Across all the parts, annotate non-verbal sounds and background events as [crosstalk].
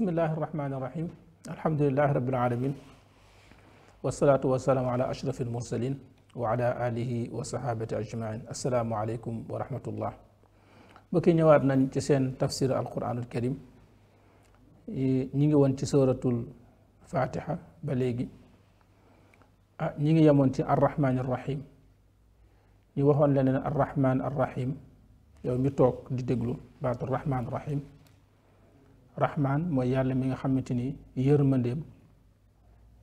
بسم الله الرحمن الرحيم الحمد لله رب العالمين والصلاة والسلام على أشرف المرسلين وعلى آله وصحابة أجمعين السلام عليكم ورحمة الله بكي نوار نتسين تفسير القرآن الكريم نيجي وان سورة الفاتحة بلغي نيجي يمون الرحمن الرحيم ني لنا الرحمن الرحيم يوم يتوق دي بعد الرحمن الرحيم rahman mooy yàlla mi nga xamante ni yërmandeem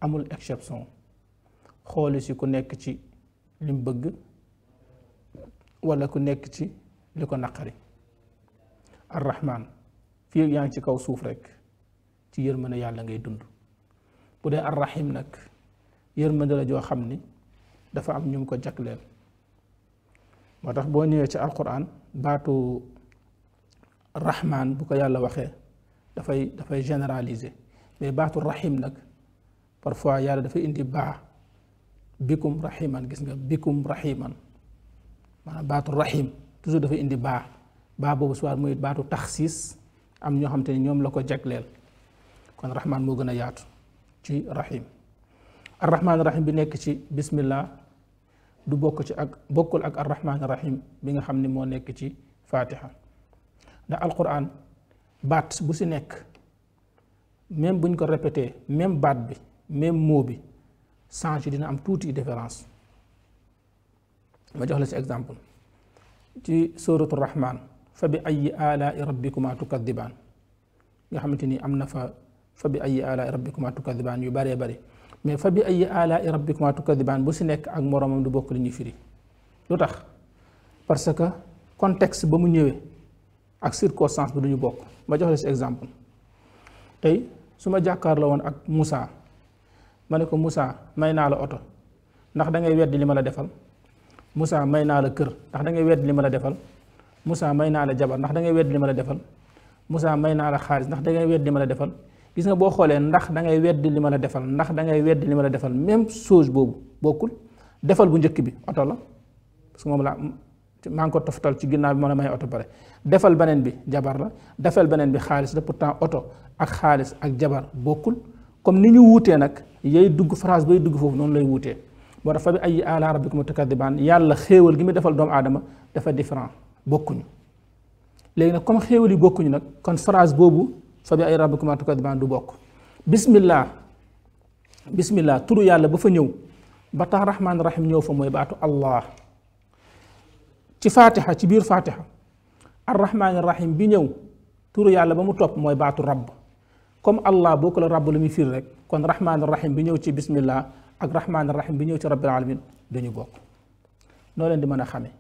amul exception xooli si ku nekk ci lim bëgg wala ku nekk ci li ko naqari ar rahman fii yaa ngi ci kaw suuf rek ci yërmande yàlla ngay dund bu dee ar nag yërmande la joo xam ni dafa am ñu ko jagleel moo tax boo ñëwee ci alquran baatu rahman bu ko yàlla waxee dafay dafay généraliser mais baatu rahim nag parfois yàlla dafay indi baax bikum rahiman gis nga bikum rahiman maanaam baatu rahim toujours dafay indi baax baax boobu soit muy baatu taxsiis am ñoo xam te ne ñoom la ko jagleel kon rahman moo gën a yaatu ci rahim ar rahman rahim bi nekk ci bismillah du bokk ci ak bokkul ak ar rahman rahim bi nga xam ne moo nekk ci fatiha ndax alquran But, bu si répète, même buñ ko répété même bat bi même bi dina am différence ma jox la exemple ci rahman fa bi ala rabbikuma nga xamanteni amna fa fa bi ala rabbikuma yu bare mais fa bi rabbikuma bu si ak du bokk firi parce que contexte ba ak circonstance bi du ñu bokk ma jox la si exemple tey su ma jàkkaarloo woon ak Moussa ma ne ko musaa may naa la oto ndax da ngay weddi li ma la defal musaa may naa la kër ndax da ngay li ma la defal Moussa may naa la jabar ndax da ngay weddi li ma la defal Moussa may naa la xaalis ndax da ngay weddi li ma la defal gis nga boo xoolee ndax da ngay weddi li ma la defal ndax dangay ngay weddi li ma la defal même chose boobu bokkul defal bu njëkk bi oto la parce moom laa maa ngi ko toftal ci ginnaaw bi ma la may oto bare defal beneen bi jabar la defal beneen bi xaalis la pourtant oto ak xaalis ak jabar bokkul comme ni ñu wuutee nag yay dugg phrase bay dugg foofu noonu lay wuutee moo tax fa bi ay ala rabbikum tukadibaan yàlla xéewal gi mu defal doomu aadama dafa différent bokkuñu léegi nag comme xéewal yi bokkuñu nag kon phrase boobu fa bi ay rabbikum tukadibaan du bokk bismillah bismillah turu yàlla ba fa ñëw ba tax rahmaan rahim ñëw fa mooy baatu allah ci fatiha ci biir fatiha arrahmaani rahim bi ñëw turu yàlla ba mu topp mooy baatu rabb comme allah boo ko la rabb la muy firi rek kon rahmaani rahim bi ñëw ci bismillah ak rahmaani rahim bi ñëw ci rabbil alamin dañu bokk noo leen di mën a xamee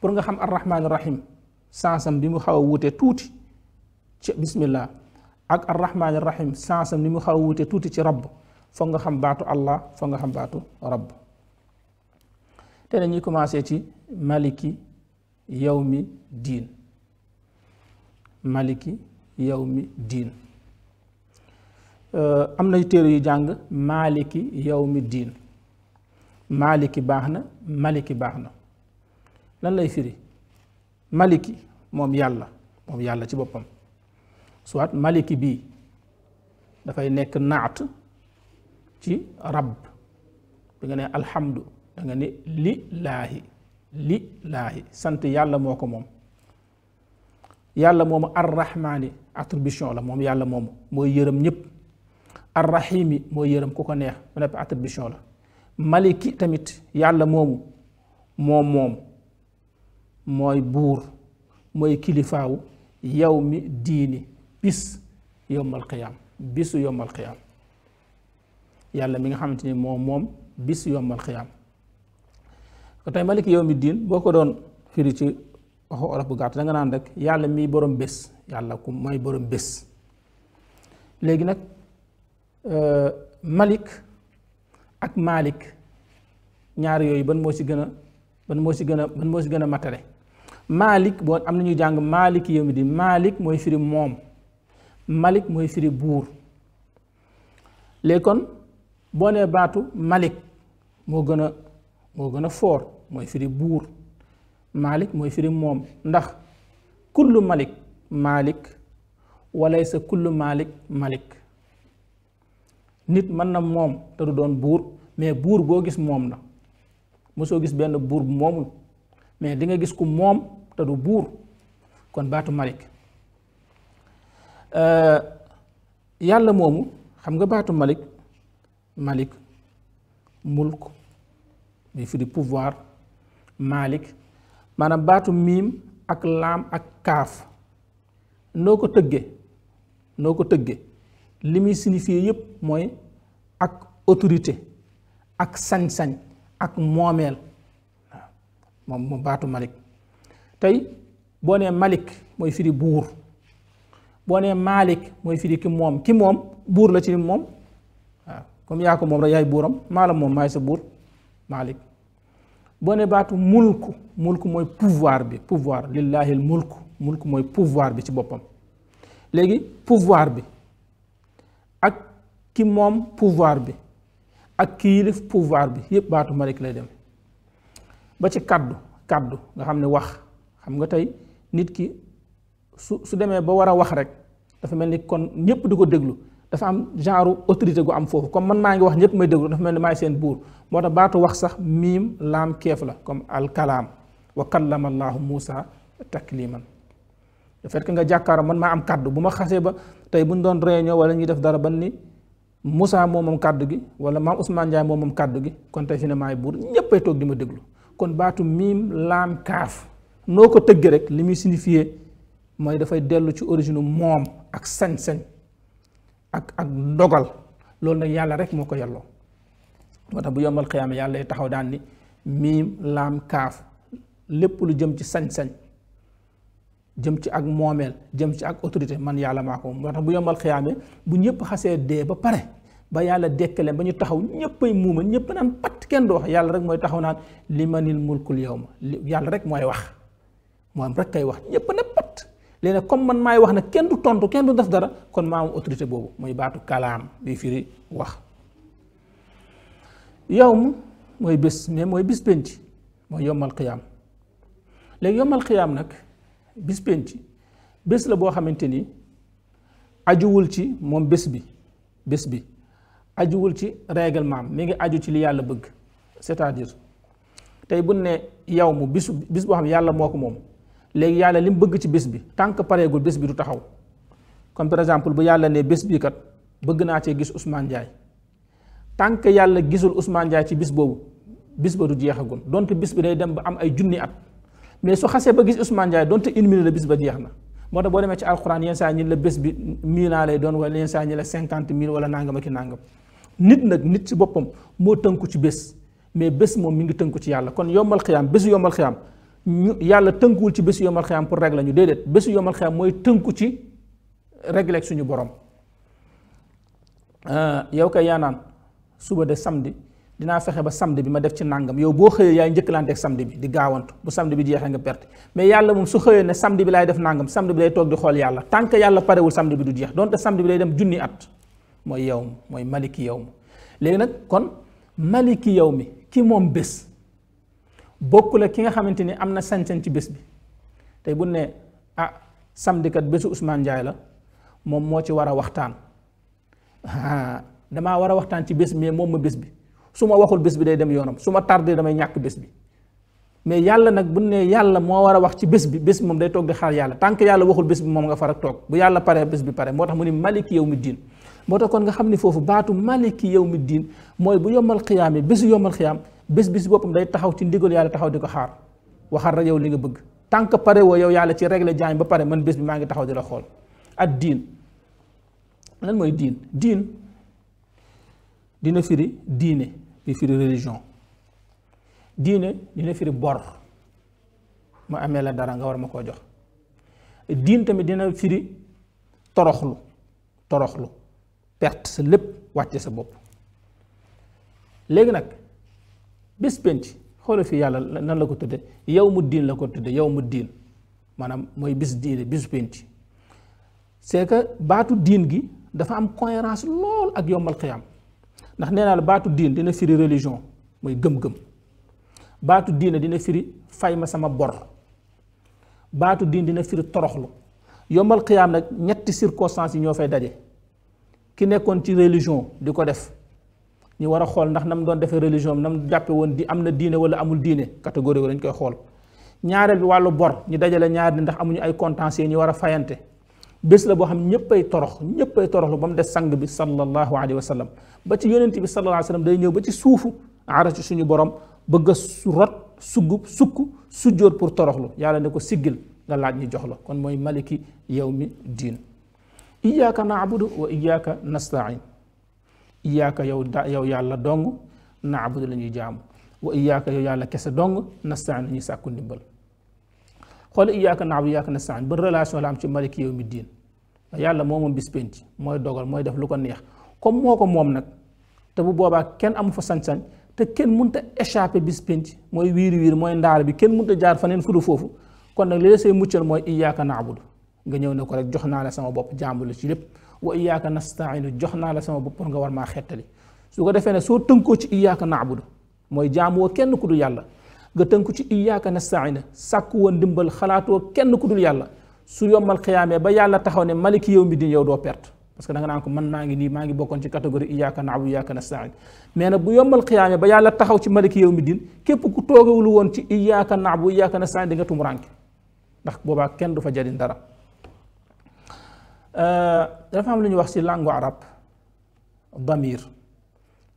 pour nga xam arrahmaani rahim sansam bi mu xaw a wuute tuuti ci bismillah ak arrahmaani rahim sansam ni mu xaw a wuute tuuti ci rabb foog nga xam baatu allah foog nga xam baatu rabb te dañuy commencé ci maliki yawmi diin maliki yawmi diin euh, am nay téere yu jàng maliki yawmi diin maliki baax na maliki baax na lan lay firi maliki moom yàlla moom yàlla ci boppam soit maliki bii dafay nekk naat ci rab da nga ne alhamdu da ne lillaahi li lillaahi sant yàlla moo ko moom yàlla moomu arrahmaani attribution la moom yàlla moomu mooy yërëm ñëpp arrahimi mooy yërëm ku ko neex mu nekk attribution la maliki tamit yàlla moomu moom moom mooy buur mooy kilifaawu yow mi diini bis yowmal qiyaam bisu yowmal qiyaam yàlla mi nga xamante ni moom moom bis yowmal qiyaam kon malik yow mi diin boo ko doon firi ci waxu olof bu gàtt da nga naan rek yàlla mii borom bés yàlla ku mooy borom bés léegi nag euh, malik ak malik ñaar yooyu ban moo ci gën a ban moo ci gën a ban moo ci gën a matale malik boo am na ñuy jàng malik yow mi diin malik mooy firi moom malik mooy firi buur léegi kon boo nee baatu malik moo gën a moo gën a foor mooy firi buur malik mooy firi moom ndax kullu malik malik walaysa kullu malik malik nit mën na moom te du doon buur mais buur boo gis moom la mosoo gis benn buur bu moomul mais di nga gis ku moom te du buur kon baatu malik euh, yàlla moomu xam nga baatu malik malik mulk muy firi pouvoir Malik maanaam baatu miim ak laam ak kaaf noo ko tëggee noo ko tëgge li muy signifier yépp mooy ak autorité ak sañ-sañ ak moomeel waaw moom mu baatu Malik tey boo nee Malik mooy firi buur boo nee Malik mooy firi ki moom ki moom buur la ci moom waaw comme yaa ko moom rek yaay buuram maa la moom maay sa buur Malik boo ne baatu mulku mulku mooy pouvoir bi pouvoir lillaahil mulku mulku mooy pouvoir bi ci boppam léegi pouvoir bi ak ki moom pouvoir bi ak ki yilif pouvoir bi yépp baatu ma rekk lay dem ba ci kàddu kàddu nga xam ne wax xam nga tey nit ki su su demee ba war a wax rek dafa mel ni kon ñëpp di ko déglu dafa am genre autorité gu am foofu comme man maa ngi wax ñëpp may déglu dafa mel ni maay seen buur moo tax baatu wax sax miim laam keef la comme alkalaam wa kallama allahu Moussa takliman le fait que nga jàkkaaroo man maa am kàddu bu ma xasee ba tey bu ñu doon réunion wala ñuy def dara ban ni Moussa moom moom kàddu gi wala maam Ousmane Ndiaye moom kàddu gi kon tey fi ne maay buur ñëppay toog di ma déglu kon baatu miim laam kaaf noo ko tëggee rek li muy signifié mooy dafay dellu ci origine moom ak sañ-sañ ak ak ndogal loolu nag yàlla rek moo ko yàlloo moo tax bu yombal xiyaama yàlla taxaw daan ni miim laam kaaf lépp lu jëm ci sañ-sañ jëm ci ak moomeel jëm ci ak autorité man yàlla maa ko moo bu yombal bu ñëpp xasee dee ba pare ba yàlla dekkale ba ñu taxaw ñëppay muuma ñëpp naan kenn du wax yàlla rek mooy taxaw naan li manil mulkul yow ma yàlla rek mooy wax moom rek kay wax ñëpp na pat léegi comme man maay wax na kenn du tontu kenn du def dara kon maa am autorité boobu mooy baatu kalaam bi firi wax. yow mu mooy bés mais mooy bis penc mooy yomal xiyaam léegi yomal xiyaam nag bis penc bés la boo xamante ni ajuwul ci moom bés bi bés bi ajuwul ci règlement mi ngi aju ci li yàlla bëgg c'est-à-dire tey bu ne yow mu bisu bis boo xam yàlla moo ko moom léegi yàlla li mu bëgg ci bés bi tant que pareegul bés bi du taxaw comme par exemple bu yàlla ne bés bii kat bëgg naa cee gis Ousmane Ndiaye. tant que yàlla gisul Ousmane Ndiaye ci bis boobu bis ba du jeexagul donte bis bi day dem ba am ay junni at mais su xasee ba gis Ousmane Ndiaye donte une la bis ba jeex na moo tax boo demee ci alxuraan yenn saa ñi la bés bi mille doon wala yenn la cinquante mille wala nangam ak i nangam nit nag nit ci boppam moo tënku ci bés mais bés moom mi ngi tënku ci yàlla kon yombal xiyaam bésu yombal xiyaam ñu yàlla tënkuwul ci bésu yombal xiyaam pour régler ñu déedéet bésu yombal xiyaam mooy tënku ci régler suñu borom euh, yow kay yaa suba de samedi dinaa fexe ba samedi bi ma def ci nangam yow boo xëyee yaay njëkkalante ak samedi bi di gaawantu bu samedi bi jeexee nga perte mais yàlla moom su xëyee ne samedi bi laay def nangam samedi bi lay toog di xool yàlla tant que yàlla parewul samedi bi du jeex donte samedi bi lay dem junni at mooy yow mooy maliki yow léegi nag kon maliki yow mi ki moom bés bokku la ki nga xamante ni am na sañ-sañ ci bés bi tey bu ne ah samedi kat bésu Ousmane la moom moo ci war a waxtaan. [laughs] damaa war a waxtaan ci bés mais moom ma bés bi su ma waxul bés bi day dem yoonam su ma tardé damay ñàkk bés bi mais yàlla nag bu ne yàlla moo war a wax ci bés bi bés moom day toog di xaar yàlla tànk yàlla waxul bés bi moom nga farak toog bu yàlla pare bi pare moo tax mu ni maliki yow mi diin moo tax kon nga xam ni foofu baatu maliki yow mi diin mooy bu yomal xiyaamee bésu yomal xiyaam bés bi si boppam taxaw ci ndigal yàlla taxaw di ko xaar waxal rek yow li nga bëgg tant que pare woo yow yàlla ci régler jaam ba pare man bés bi maa ngi taxaw di la xool ak diin lan mooy diin diin dina firi diine di firi religion diine dina firi bor ma amé la dara nga war ma koo jox diin tamit dina firi toroxlu toroxlu perte sa lépp wàcce sa bop légui nak bis penc xol fi yàlla nan la ko tudde yow mu diin la ko tudde yow mu diin maanaam mooy bis diine bis penc c'est que baatu diin gi dafa am cohérence lol ak yombal qiyam ndax neena la batu din dina firi religion moy gëm-gëm batu din dina firi fay ma sama bor batu din dina firi toroxlu yomal qiyam nak ñetti circonstances yi ñoo fay daje ki nekkon ci religion diko def ñi wara xol ndax nam doon def religion nam jàppe won di amna diine wala amul diine catégorie wala ñ koy xol ñaaral bi walu bor ñu dajale ñaar ndax amuñu ay contentieux ñi wara fayante bés la bo xam ñëppay torox ñëppay torox lu bam des sang bi sallallahu alayhi wa sallam ba ci yonent bi sallallahu alayhi wa sallam day ñëw ba ci suufu arasu suñu borom bëgg su rot sugg sukk sujjóot pour torox lu yàlla ne ko sigil nga laaj ñi jox la kon moy maliki yawmi din iyyaka na'budu wa iyyaka nastain iyyaka yaw da yaw yàlla dong na'budu lañu ñuy jaamu wa iyyaka yaw yàlla kessa dong nastain ñi sàkku ndimbal خل إياك نعبد إياك نستعين بالرلاش ولا أمشي مالك يوم الدين يا الله مو من بسبنت مو يدغر مو يدفع لكم نيح كم مو كم مو منك تبو بابا كن أم فسنت سن تكن مونت إشاب بسبنت مو يوير يوير مو يندار بي كن مونت جار فنين فلو فوفو كن نقول سي مучل مو إياك نعبد غنيو نقول جحنا على سما بوب جامبل شلب وإياك نستعين جحنا على سما بوب نعور ما خيتلي سو فين سو تنكوش إياك نعبد مو جامو كن كلو يا nga tënku ci iyyaka nasta'in sàkku won dimbal khalaato kenn ku dul yàlla su yomal qiyamé ba yàlla taxaw ne maliki yawmi din yow do perte parce que da nga nan ko man maa ni nii maa ngi ci catégorie iyyaka na'bu iyyaka nasta'in mais na bu yomal qiyamé ba yàlla taxaw ci maliki yawmi din képp ku toogewul won ci iyyaka na'bu iyyaka nasta'in di nga tumuranke ndax boba kenn du fa jariñ dara euh dafa am luñu wax ci langue arabe damir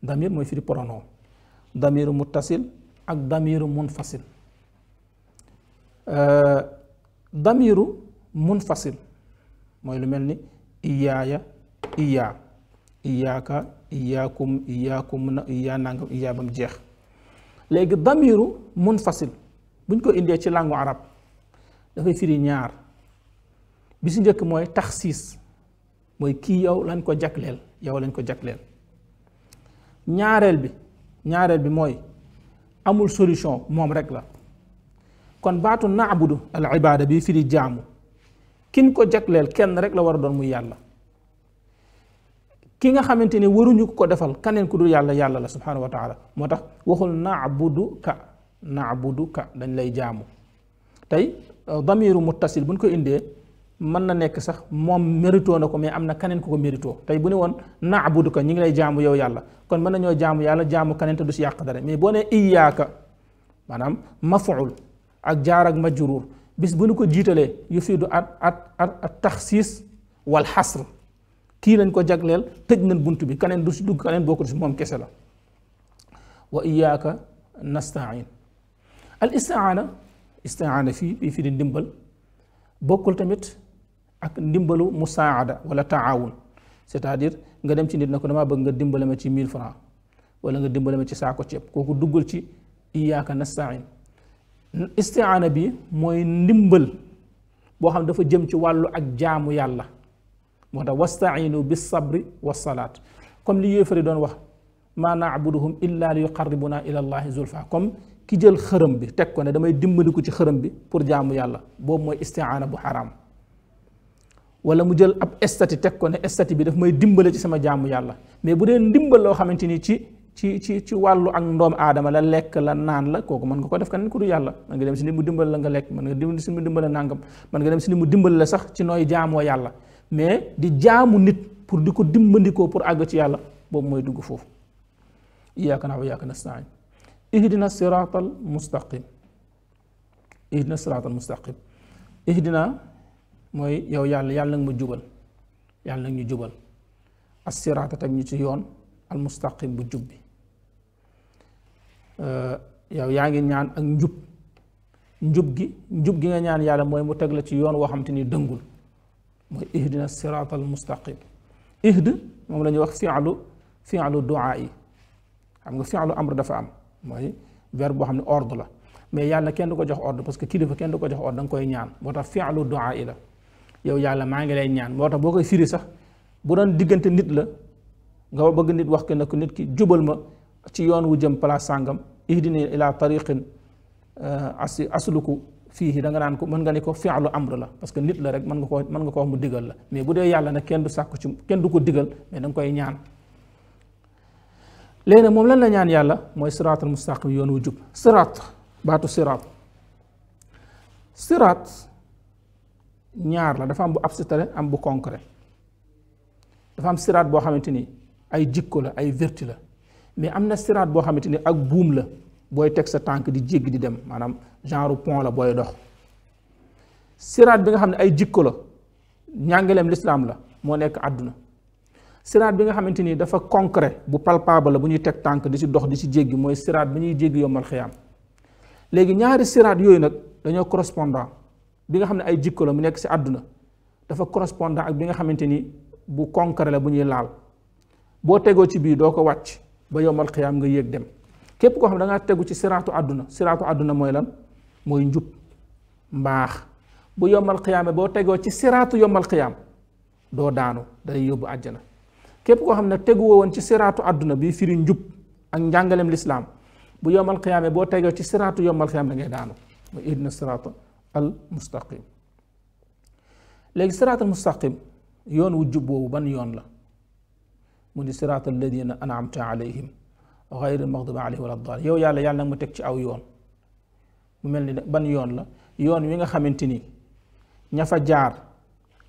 damir mooy firi pronom damir muttasil ak damiru munfasil euh, damiru munfasil mooy lu mel ni iyaaya iyaa iyaaka iyaakum iyaakum na iyaa nangam iyaa bam jeex léegi damiru munfasil buñ ko indee ci làngu arab dafay firi ñaar bi si njëkk mooy taxsiis mooy kii yow lañ ko jagleel yow lañ ko jagleel ñaareel bi ñaareel bi mooy amul solution mom rek la kon batu na'budu al ibada bi firi jaamu kin ko jaklel ken rek la war don mu yàlla ki nga xamanteni ne waruñu ko defal kanen ku dul yàlla yàlla la subhanahu wa taala motax waxul na'budu ka naabudu ka dañ lay jaamu tay damiru muttasil buñ ko indee mën na nekk sax moom mérito na ko mais am na kaneen ku ko mérito tey bu ne woon naabudu ko ñi ngi lay jaamu yow yàlla kon mën nañoo jaamu yàlla jaamu kaneen te du si yàq dara mais boo nee iyaaka maanaam mafuul ak jaar ak majruur bis bu nu ko jiitalee yu fii du at at at at taxsiis wal xasr kii lañ ko jagleel tëj nañ bunt bi kaneen du si dugg kaneen boo ko si moom kese la wa iyaaka nastain al istiaana istiaana fii bii fii di ndimbal bokkul tamit ak ndimbalu musaada wala taawun c'est-à-dire nga dem ci nit na dama bëgg nga dimbale ma ci 1000 francs wala nga dimbale ma ci sako ciep koku duggal ci iyyaka nastain isti'ana bi moy ndimbal bo xam dafa jëm ci walu ak jaamu yàlla motax wastainu bis sabr was salat comme li yéefari don wax ma na'buduhum illa li yuqarribuna ila allah zulfa comme ki jël xërëm bi tek ko ne damay dimbaliku ci xërëm bi pour jaamu yàlla bo moy isti'ana bu haram wala mu jël ab estati teg ko ne estati bi daf may dimbale ci sama jaamu yàlla mais bu dee ndimbal loo xamante ni ci ci ci ci wàllu ak ndoom aadama la lekk la naan la kooku mën nga ko def keneen ku du yàlla mën nga dem si ni mu dimbal la nga lekk mën nga dem si nga dem si ni mu la sax nooy jaamoo yàlla mais di jaamu nit pour di ko dimbandikoo pour àgg ci yàlla boobu mooy dugg foofu iyyaka na'budu wa iyyaka nasta'iin ihdina siraatal mustaqim ihdina na mustaqim ihdina moy yow yàlla yàlla nga ma jubal yàlla nga ñu as-sirata teg ñu ci yoon al mustaqim bu djubbi euh yow yaangi ñaan ak njub njub gi njub gi nga ñaan yàlla moy mu tegg la ci yoon wo xamanteni dëngul mooy ihdina al mustaqim ihd mom la wax fi'lu fi'lu du'a'i xam nga fi'lu amr dafa am moy verbe bo xamni ordre la mais yàlla kenn du ko jox ordre parce que kilifa kenn du ko jox ordre dang koy ñaan motax fi'lu du'a'i la yow yàlla maa ngi lay ñaan moo tax boo koy firi sax bu doon diggante nit la nga bëgg nit wax ko ne ko nit ki jubal ma ci yoon wu jëm place sàngam ihdini ila tariqin euh, as asluku fii da nga naan ko mën nga ne ko fi'lu amr la parce que nit la rek mën nga koo mën nga ko mu digal la mais bu dee yàlla nag kenn du sàkku ci kenn du ko digal mais da koy ñaan léegi nag moom lan la ñaan yàlla mooy siraatal mustaqim yoon wu jub siraat baatu siraat siraat ñaar la dafa am bu abstrait am bu concret dafa am siraat boo xamante ni ay jikko la ay vertu la mais am na siraat boo xamante ni ak buum la booy teg sa tànk di jéggi di dem maanaam genre pont la booy dox siraat bi nga xam ne ay jikko la ñàngaleem lislaam la moo nekk àdduna siraat bi nga xamante ni dafa concret bu palpable la bu ñuy teg tànk di si dox di si jéggi mooy siraat bi ñuy jéggi yombal xiyaam léegi ñaari siraat yooyu nag dañoo correspondant bi nga xam ne ay jikko la mu nekk si àdduna dafa correspondant ak bi nga xamante ni bu concret la bu ñuy laal boo tegoo ci biir doo ko wàcc ba yombal xiyaam nga yéeg dem képp koo xam ne da tegu ci siraatu àdduna siraatu àdduna mooy lan mooy njub mbaax bu boo tegoo ci siraatu yombal xiyaam doo daanu day yóbbu àjjana képp koo xam ne teguwoo woon ci siraatu àdduna bii firi njub ak njàngaleem lislaam bu yombal xiyaame boo tegoo ci siraatu yombal xiyaam da ngay daanu mooy ihdina siraatu المustaqim léegi siraatal mustaqim yoon wu jub boobu ban yoon la mu ni siraatal ladina anamta alayhim xayri maxdubi alayhim wala daal yow yàlla yàlla nag mu teg ci aw yoon mu mel ni ban yoon la yoon wi nga xamante ni ña fa jaar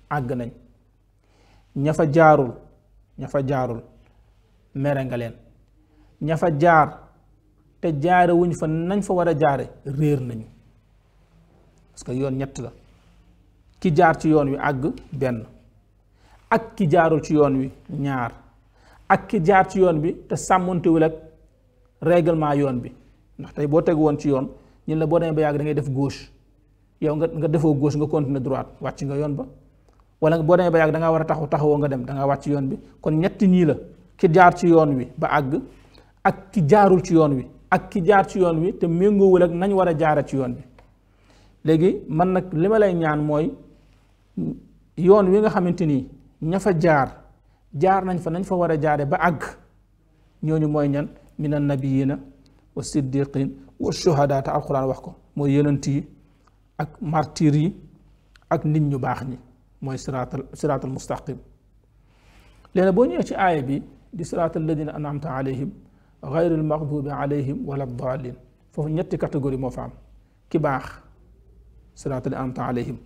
àgg nañ ña fa jaarul ña fa jaarul mere nga leen ña fa jaar te jaare wuñ fa nañ fa war a jaare réer nañu parce que yoon ñett la ki jaar ci yoon wi àgg benn ak ki jaarul ci yoon wi ñaar ak ki jaar ci yoon bi te sàmmantewul ak règlement yoon bi ndax boo teg woon ci yoon ñun la boo demee ba yàgg da ngay def gauche yow nga nga defoo gauche nga continuer droite wàcc nga yoon ba wala boo demee ba yàgg war a taxaw taxawoo nga dem da ngaa wàcc yoon bi kon ñetti ñii la ki jaar ci yoon wi ba àgg ak ki jaarul ci yoon wi ak ki jaar ci yoon wi te méngoowul ak nañ war a jaara ci yoon bi léegi man nag li ma lay ñaan mooy yoon wi nga xamante ni ña fa jaar jaar nañ fa nañ fa war a jaare ba àgg ñooñu mooy ñan min annabiyina wa siddiqin wa shuhadaa te alquran wax ko mooy yonent yi ak martir yi ak nit ñu baax ñi mooy siraatal siraatal mustaqim léegi boo ñëwee ci aaya bi di siraatal ladina anamta alayhim gayril maxdubi alayhim wala dalin foofu ñetti catégorie moo fa am ki baax siraatal amta alayhim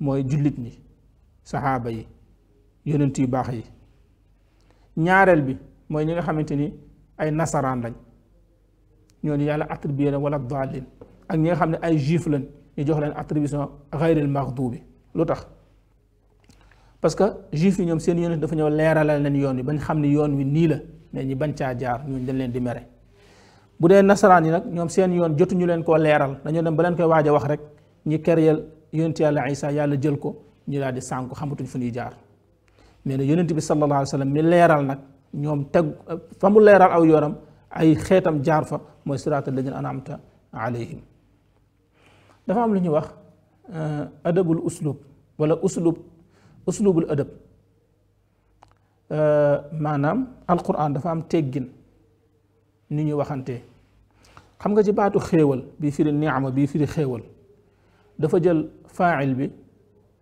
mooy jullit ñi saxaaba yi yonent yu baax yi ñaareel bi moy ñi nga xamante ay nasaran lañ ñooñu yàlla attribuer leen wala dalil ak ñi nga xam ay juif lañ ñu jox leen attribution xayril maxduubi lu tax parce que juif ñom seen yonent dafa ñëw leralal leen yoon yi bañ xamni yoon wi ni la mais ñi bañ ca jaar ñu dañ leen di mere bu dee nasaraan yi nak ñom seen yoon jotu ñu leen ko leral dañu dem ba leen koy waja wax rek ñi keryal yonent yàlla Isa yàlla jël ko ñu daal di sànku xamatuñ fu ñuy jaar nee na yonent bi sallallahu alayhi wasallam sallam mi leeral nag ñoom teg fa mu leeral aw yoonam ay xeetam jaar fa mooy siraatal ladina anamta alayhim dafa am lu ñuy wax adabul uslub wala uslub uslubul adab maanaam alquran dafa am teggin ni ñuy waxantee xam nga ci baatu xéewal bii firi niama bii firi xéewal dafa jël faa'il bi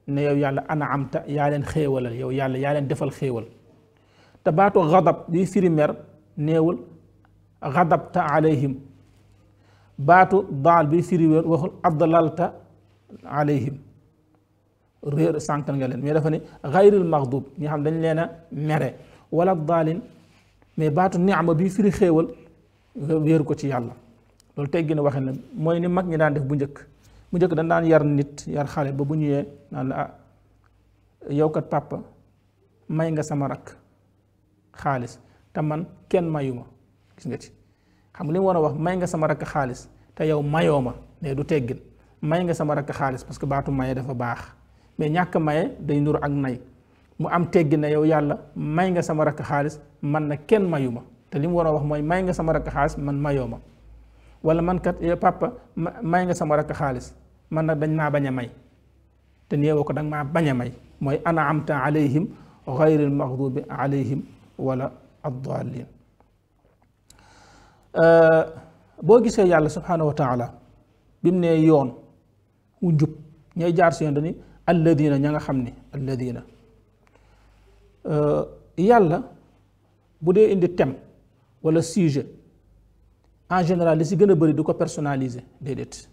ne yow yàlla ana amta yaa leen xéewalal yow yàlla yaa leen defal xéewal te baatu xadab bi firi mer néewul xadabta alayhim baatu daal bi firi wér waxul adlalta alayhim réer sànkal nga leen mais dafa ne xayril maxdub ñi xam dañ leen a mere wala daalin mais baatu niama bi firi xéewal wéeru ko ci yàlla loolu teggi na waxee na mooy ni mag ñi daan def bu njëkk mu njëkk dañ daan yar nit yar xale ba bu ñëwee naan la ah yow kat papa may nga sama rakk xaalis te man kenn mayu ma gis nga ci xam nga li mu war a wax may nga sama rakk xaalis te yow mayoo ma du teggin may nga sama rakk xaalis parce que baatu maye dafa baax mais ñàkk maye day nuru ak nay mu am teggin ne yow yàlla may nga sama rakk xaalis man na kenn mayu ma te li mu war a wax mooy may nga sama rakk xaalis man mayoo ma wala man kat yow eh, may nga sama rakk xaalis. man nag dañ maa bañ a may te néewa ko danga maa bañ a may mooy ana amta alayhim gayril maxdubi alayhim wala addalin boo gisee yàlla subhanahu wa taala bi mu nee yoon wu jub ñay jaar si yoon dañuy alladina ña nga xam ne alladina yàlla bu dee indi thème wala sujet en général li si gën a bëri du ko personnaliser déedéet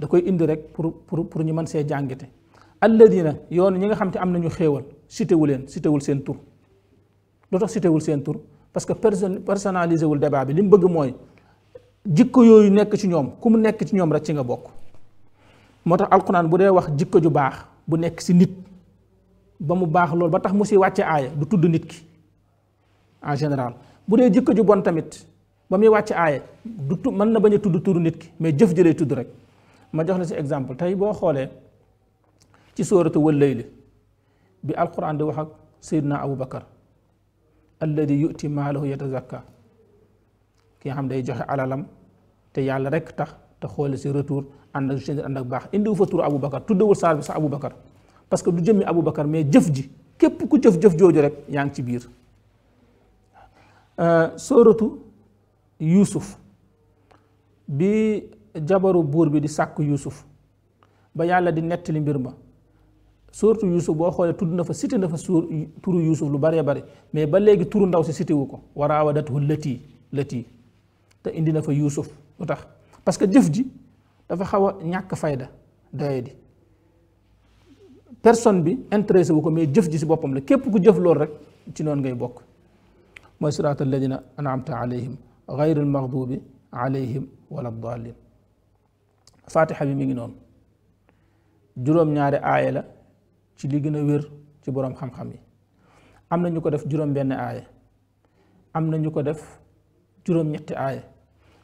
da koy indi rek pour pour pour ñu mën see jàngite na yoon ñi nga xam te am nañu xéewal cité wu leen cité wul seen tur lu tax cité wul seen tur parce que person personnalisé wul débat bi li mu bëgg mooy jikko yooyu nekk ci ñoom ku mu nekk ci ñoom rek ci nga bokk moo tax alquran bu dee wax jikko ju baax bu nekk si nit ba mu baax loolu ba tax mu si wàcce aaya du tudd nit ki en général bu dee jikko ju bon tamit ba muy wàcce aaya du tu mën na bañ a tudd turu nit ki mais jëf jëlee tudd rek ما جهنا سي اكزامبل تاي بو خوله سي سوره الليل بي القران دي وخك سيدنا ابو بكر الذي يؤتي ماله يتزكى كي حم داي جوخي علالم تي يالا رك تخ تا خول سي ريتور اندك سيدي اندك باخ فتور ابو بكر تودو سار بس ابو بكر بس دو جيمي ابو بكر مي جفجي جي كيب كو جف جف جوجو رك يانغ سي بير سوره يوسف بي jabaru bur bi di sàkk yusuf ba yàlla di netti mbir ma surtout yusuf bo xoolee tudd na fa cité na fa sur turu yusuf lu baree bare mais ba legi turu ndaw ci cité wuko ko waraawadatu lati lëtii indi na fa yusuf lu parce que jëf ji dafa xaw a ñàkk fayda doye di personne bi intéressé wuko mais jëf ji ci bopam la kep ku jëf lool rek ci non ngay bok moy siratal ladina anamta alayhim gayril maxdubi alayhim wala dalin fatiha bi mi ngi noonu juróom-ñaari aaya la ci li gën a wér ci boroom xam-xam yi am na ñu ko def juróom-benn am na ko def juróom-ñetti aaya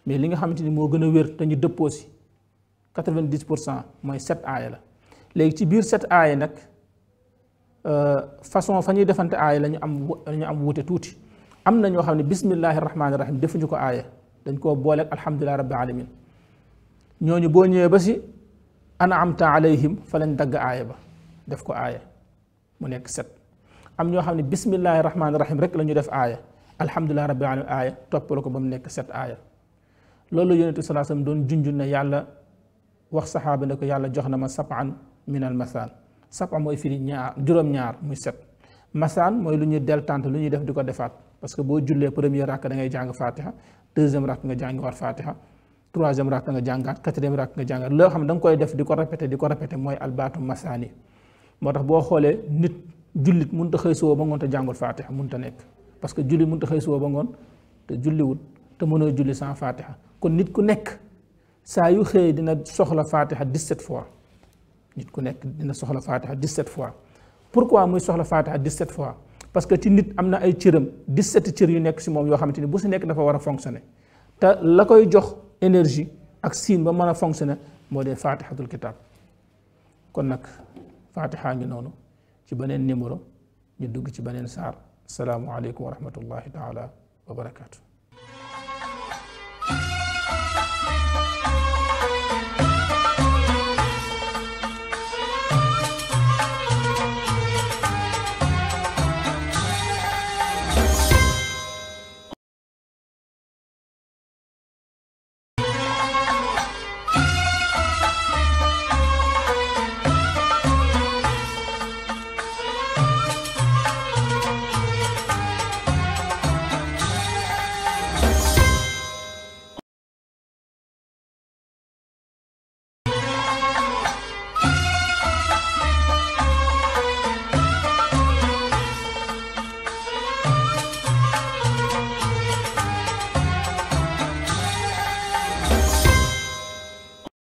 mais li nga xamante ni moo gën a wér dañu dëppoo si quatre vingt pour cent mooy sept aaya la léegi ci biir sept aaya nag euh, façon fa ñuy defante aaya la am la am wuute tuuti am na ñoo xam ne bismillahi rahmaani rahim ñu ko aaya dañ koo booleeg alhamdulilahi rabbi alamin ñooñu boo ñëwee ba si ana amta alayhim fa lañ dagg aaya ba def ko aaya mu nekk set am ñoo xam ne bismillahi rahmaani rahim rek la ñu def aaya alhamdulilah rabbil alamin aaya toppal ko ba mu nekk set aaya loolu yonente salaa sallam doon junj ne yàlla wax saxaaba ne ko yàlla jox na ma sapan min almasal masaan sapan mooy firi ñaar juróom-ñaar muy set masaan mooy lu ñuy deltante lu ñuy def di ko defaat parce que boo jullee premier rak da ngay jàng fatiha deuxième rak nga jàng war fatiha troisième raak nga jàngaat quatrième raak nga jàngaat loo xam ne da nga koy def di ko répété di ko répété mooy albaatu masaani moo tax boo xoolee nit jullit mun a xëy suba ba ngoon te jàngul faatiha mënut a nekk parce que julli mënut a xëy suba ba ngoon te julliwul te mënoo julli sans faatiha kon nit ku nekk saa yu xëyee dina soxla faatiha 17 fois nit ku nekk dina soxla faatiha 17 fois pourquoi muy soxla faatiha 17 fois parce que ci nit am na ay cëram 17 cër yu nekk si moom yoo xamante ni bu si nekk dafa war a fonctionner te la koy jox. énergie ak sin ba mën a fonctionner moo dee fatihatul kitab kon nag fatiha ngi noonu ci beneen numéro ñu dugg ci beneen saar alaykum wa rahmatullahi taala wa barakatuh